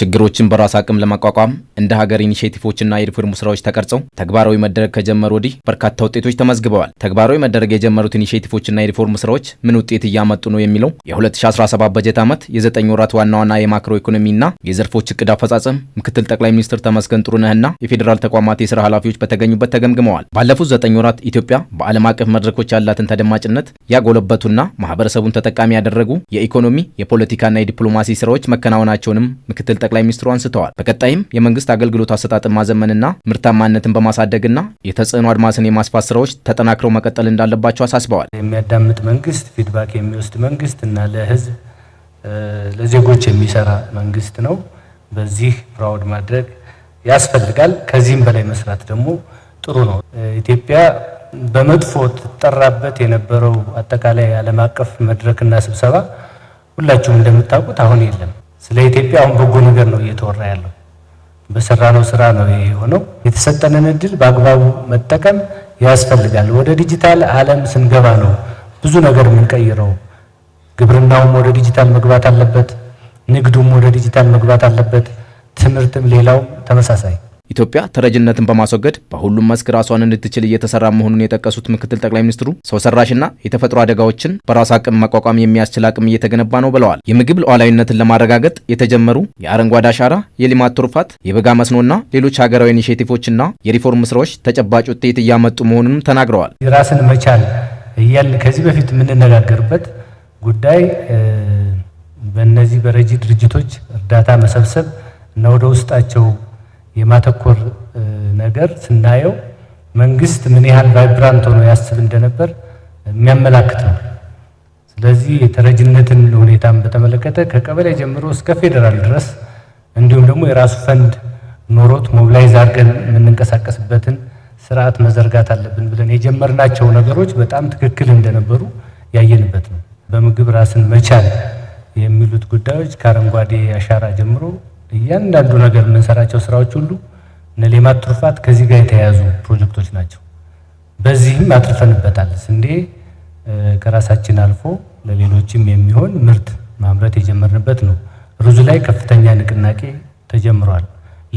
ችግሮችን በራስ አቅም ለማቋቋም እንደ ሀገር ኢኒሼቲቮችና የሪፎርም ስራዎች ተቀርጸው ተግባራዊ መደረግ ከጀመሩ ወዲህ በርካታ ውጤቶች ተመዝግበዋል። ተግባራዊ መደረግ የጀመሩት ኢኒሼቲቮችና የሪፎርም ስራዎች ምን ውጤት እያመጡ ነው የሚለው የ2017 በጀት ዓመት የዘጠኝ ወራት ዋና ዋና የማክሮ ኢኮኖሚና የዘርፎች እቅድ አፈጻጸም ምክትል ጠቅላይ ሚኒስትር ተመስገን ጥሩነህና የፌዴራል ተቋማት የስራ ኃላፊዎች በተገኙበት ተገምግመዋል። ባለፉት ዘጠኝ ወራት ኢትዮጵያ በዓለም አቀፍ መድረኮች ያላትን ተደማጭነት ያጎለበቱና ማህበረሰቡን ተጠቃሚ ያደረጉ የኢኮኖሚ የፖለቲካና የዲፕሎማሲ ስራዎች መከናወናቸውንም ምክትል ጠቅላይ ሚኒስትሩ አንስተዋል። በቀጣይም የመንግስት አገልግሎት አሰጣጥን ማዘመንና ምርታማነትን በማሳደግና የተጽዕኖ አድማስን የማስፋት ስራዎች ተጠናክረው መቀጠል እንዳለባቸው አሳስበዋል። የሚያዳምጥ መንግስት፣ ፊድባክ የሚወስድ መንግስት እና ለህዝብ ለዜጎች የሚሰራ መንግስት ነው። በዚህ ፍራውድ ማድረግ ያስፈልጋል። ከዚህም በላይ መስራት ደግሞ ጥሩ ነው። ኢትዮጵያ በመጥፎ ትጠራበት የነበረው አጠቃላይ ዓለም አቀፍ መድረክና ስብሰባ ሁላችሁም እንደምታውቁት አሁን የለም። ስለ ኢትዮጵያ አሁን በጎ ነገር ነው እየተወራ ያለው። በሰራነው ስራ ነው ይሄ የሆነው። የተሰጠንን እድል በአግባቡ መጠቀም ያስፈልጋል። ወደ ዲጂታል ዓለም ስንገባ ነው ብዙ ነገር የምንቀይረው። ግብርናውም ወደ ዲጂታል መግባት አለበት። ንግዱም ወደ ዲጂታል መግባት አለበት። ትምህርትም ሌላውም ተመሳሳይ ኢትዮጵያ ተረጅነትን በማስወገድ በሁሉም መስክ ራሷን እንድትችል እየተሰራ መሆኑን የጠቀሱት ምክትል ጠቅላይ ሚኒስትሩ ሰው ሰራሽና የተፈጥሮ አደጋዎችን በራስ አቅም መቋቋም የሚያስችል አቅም እየተገነባ ነው ብለዋል። የምግብ ሉዓላዊነትን ለማረጋገጥ የተጀመሩ የአረንጓዴ አሻራ፣ የልማት ትሩፋት፣ የበጋ መስኖና ሌሎች ሀገራዊ ኢኒሼቲቮችና የሪፎርም ስራዎች ተጨባጭ ውጤት እያመጡ መሆኑንም ተናግረዋል። ራስን መቻል እያል ከዚህ በፊት የምንነጋገርበት ጉዳይ በእነዚህ በረጂ ድርጅቶች እርዳታ መሰብሰብ እና ወደ ውስጣቸው የማተኮር ነገር ስናየው መንግስት ምን ያህል ቫይብራንት ሆኖ ያስብ እንደነበር የሚያመላክት ነው። ስለዚህ የተረጅነትን ሁኔታን በተመለከተ ከቀበሌ ጀምሮ እስከ ፌዴራል ድረስ እንዲሁም ደግሞ የራሱ ፈንድ ኖሮት ሞብላይዝ አድርገን የምንንቀሳቀስበትን ስርዓት መዘርጋት አለብን ብለን የጀመርናቸው ነገሮች በጣም ትክክል እንደነበሩ ያየንበት ነው። በምግብ ራስን መቻል የሚሉት ጉዳዮች ከአረንጓዴ አሻራ ጀምሮ እያንዳንዱ ነገር የምንሰራቸው ስራዎች ሁሉ እነ ሌማት ትሩፋት ከዚህ ጋር የተያያዙ ፕሮጀክቶች ናቸው። በዚህም አትርፈንበታል። ስንዴ ከራሳችን አልፎ ለሌሎችም የሚሆን ምርት ማምረት የጀመርንበት ነው። ሩዝ ላይ ከፍተኛ ንቅናቄ ተጀምሯል።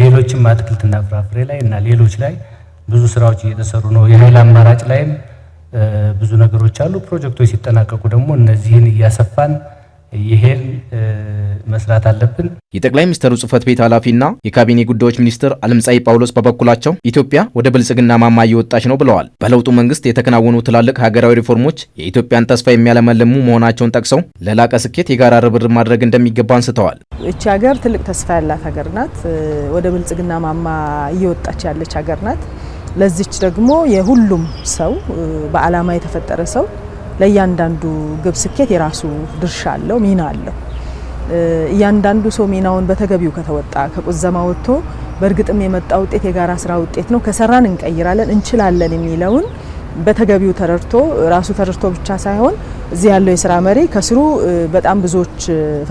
ሌሎችም አትክልትና ፍራፍሬ ላይ እና ሌሎች ላይ ብዙ ስራዎች እየተሰሩ ነው። የኃይል አማራጭ ላይም ብዙ ነገሮች አሉ። ፕሮጀክቶች ሲጠናቀቁ ደግሞ እነዚህን እያሰፋን ይሄን መስራት አለብን። የጠቅላይ ሚኒስትሩ ጽህፈት ቤት ኃላፊና የካቢኔ ጉዳዮች ሚኒስትር አለምፀሐይ ጳውሎስ በበኩላቸው ኢትዮጵያ ወደ ብልጽግና ማማ እየወጣች ነው ብለዋል። በለውጡ መንግስት የተከናወኑ ትላልቅ ሀገራዊ ሪፎርሞች የኢትዮጵያን ተስፋ የሚያለመልሙ መሆናቸውን ጠቅሰው ለላቀ ስኬት የጋራ ርብርብ ማድረግ እንደሚገባ አንስተዋል። ይቺ ሀገር ትልቅ ተስፋ ያላት ሀገር ናት። ወደ ብልጽግና ማማ እየወጣች ያለች ሀገር ናት። ለዚች ደግሞ የሁሉም ሰው በዓላማ የተፈጠረ ሰው ለእያንዳንዱ ግብ ስኬት የራሱ ድርሻ አለው፣ ሚና አለው። እያንዳንዱ ሰው ሚናውን በተገቢው ከተወጣ ከቁዘማ ወጥቶ በእርግጥም የመጣ ውጤት የጋራ ስራ ውጤት ነው፣ ከሰራን እንቀይራለን፣ እንችላለን የሚለውን በተገቢው ተረድቶ ራሱ ተረድቶ ብቻ ሳይሆን እዚህ ያለው የስራ መሪ ከስሩ በጣም ብዙዎች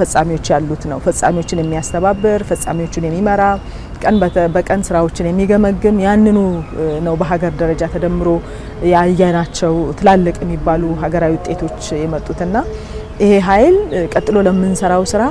ፈጻሚዎች ያሉት ነው። ፈጻሚዎችን የሚያስተባብር ፈጻሚዎችን የሚመራ ቀን በቀን ስራዎችን የሚገመግም ያንኑ ነው። በሀገር ደረጃ ተደምሮ ያየናቸው ትላልቅ የሚባሉ ሀገራዊ ውጤቶች የመጡትና ይሄ ኃይል ቀጥሎ ለምንሰራው ስራ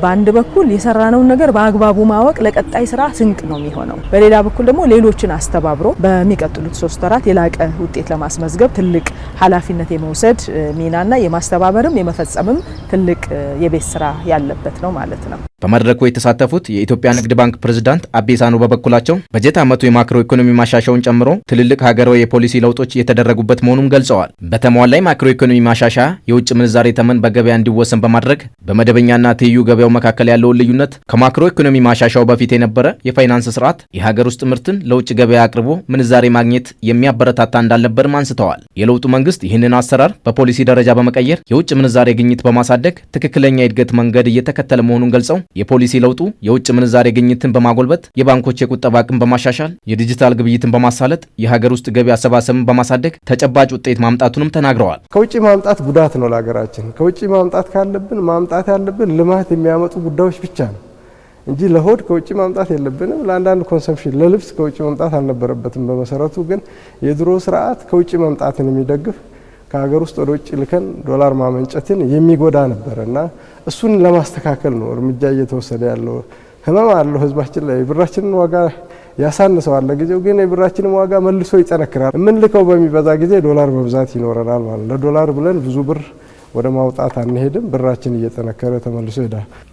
በአንድ በኩል የሰራነውን ነገር በአግባቡ ማወቅ ለቀጣይ ስራ ስንቅ ነው የሚሆነው። በሌላ በኩል ደግሞ ሌሎችን አስተባብሮ በሚቀጥሉት ሶስት ወራት የላቀ ውጤት ለማስመዝገብ ትልቅ ኃላፊነት የመውሰድ ሚናና የማስተባበርም የመፈጸምም ትልቅ የቤት ስራ ያለበት ነው ማለት ነው። በመድረኩ የተሳተፉት የኢትዮጵያ ንግድ ባንክ ፕሬዝዳንት አቤ በበኩላቸው በጀት ዓመቱ የማክሮ ኢኮኖሚ ማሻሻውን ጨምሮ ትልልቅ ሀገራዊ የፖሊሲ ለውጦች የተደረጉበት መሆኑን ገልጸዋል። በተሟላይ ማክሮ ኢኮኖሚ ማሻሻያ የውጭ ምንዛሬ ተመን በገበያ እንዲወሰን በማድረግ በመደበኛና ትይዩ ገበያው መካከል ያለውን ልዩነት ከማክሮ ኢኮኖሚ ማሻሻው በፊት የነበረ የፋይናንስ ስርዓት የሀገር ውስጥ ምርትን ለውጭ ገበያ አቅርቦ ምንዛሬ ማግኘት የሚያበረታታ እንዳልነበርም አንስተዋል። የለውጡ መንግስት ይህንን አሰራር በፖሊሲ ደረጃ በመቀየር የውጭ ምንዛሬ ግኝት በማሳደግ ትክክለኛ የእድገት መንገድ እየተከተለ መሆኑን ገልጸው የፖሊሲ ለውጡ የውጭ ምንዛሬ ግኝትን በማጎልበት የባንኮች የቁጠባ አቅም በማሻሻል የዲጂታል ግብይትን በማሳለጥ የሀገር ውስጥ ገቢ አሰባሰብን በማሳደግ ተጨባጭ ውጤት ማምጣቱንም ተናግረዋል። ከውጭ ማምጣት ጉዳት ነው ለሀገራችን። ከውጭ ማምጣት ካለብን ማምጣት ያለብን ልማት የሚያመጡ ጉዳዮች ብቻ ነው እንጂ ለሆድ ከውጭ ማምጣት የለብንም። ለአንዳንድ ኮንሰፕሽን ለልብስ ከውጭ ማምጣት አልነበረበትም። በመሰረቱ ግን የድሮ ስርዓት ከውጭ መምጣትን የሚደግፍ ከሀገር ውስጥ ወደ ውጭ ልከን ዶላር ማመንጨትን የሚጎዳ ነበረ እና እሱን ለማስተካከል ነው እርምጃ እየተወሰደ ያለው። ህመም አለው ህዝባችን ላይ የብራችንን ዋጋ ያሳንሰዋል ለጊዜው፣ ግን የብራችንን ዋጋ መልሶ ይጠነክራል። የምንልከው በሚበዛ ጊዜ ዶላር በብዛት ይኖረናል ማለት ለዶላር ብለን ብዙ ብር ወደ ማውጣት አንሄድም። ብራችን እየጠነከረ ተመልሶ ይሄዳል።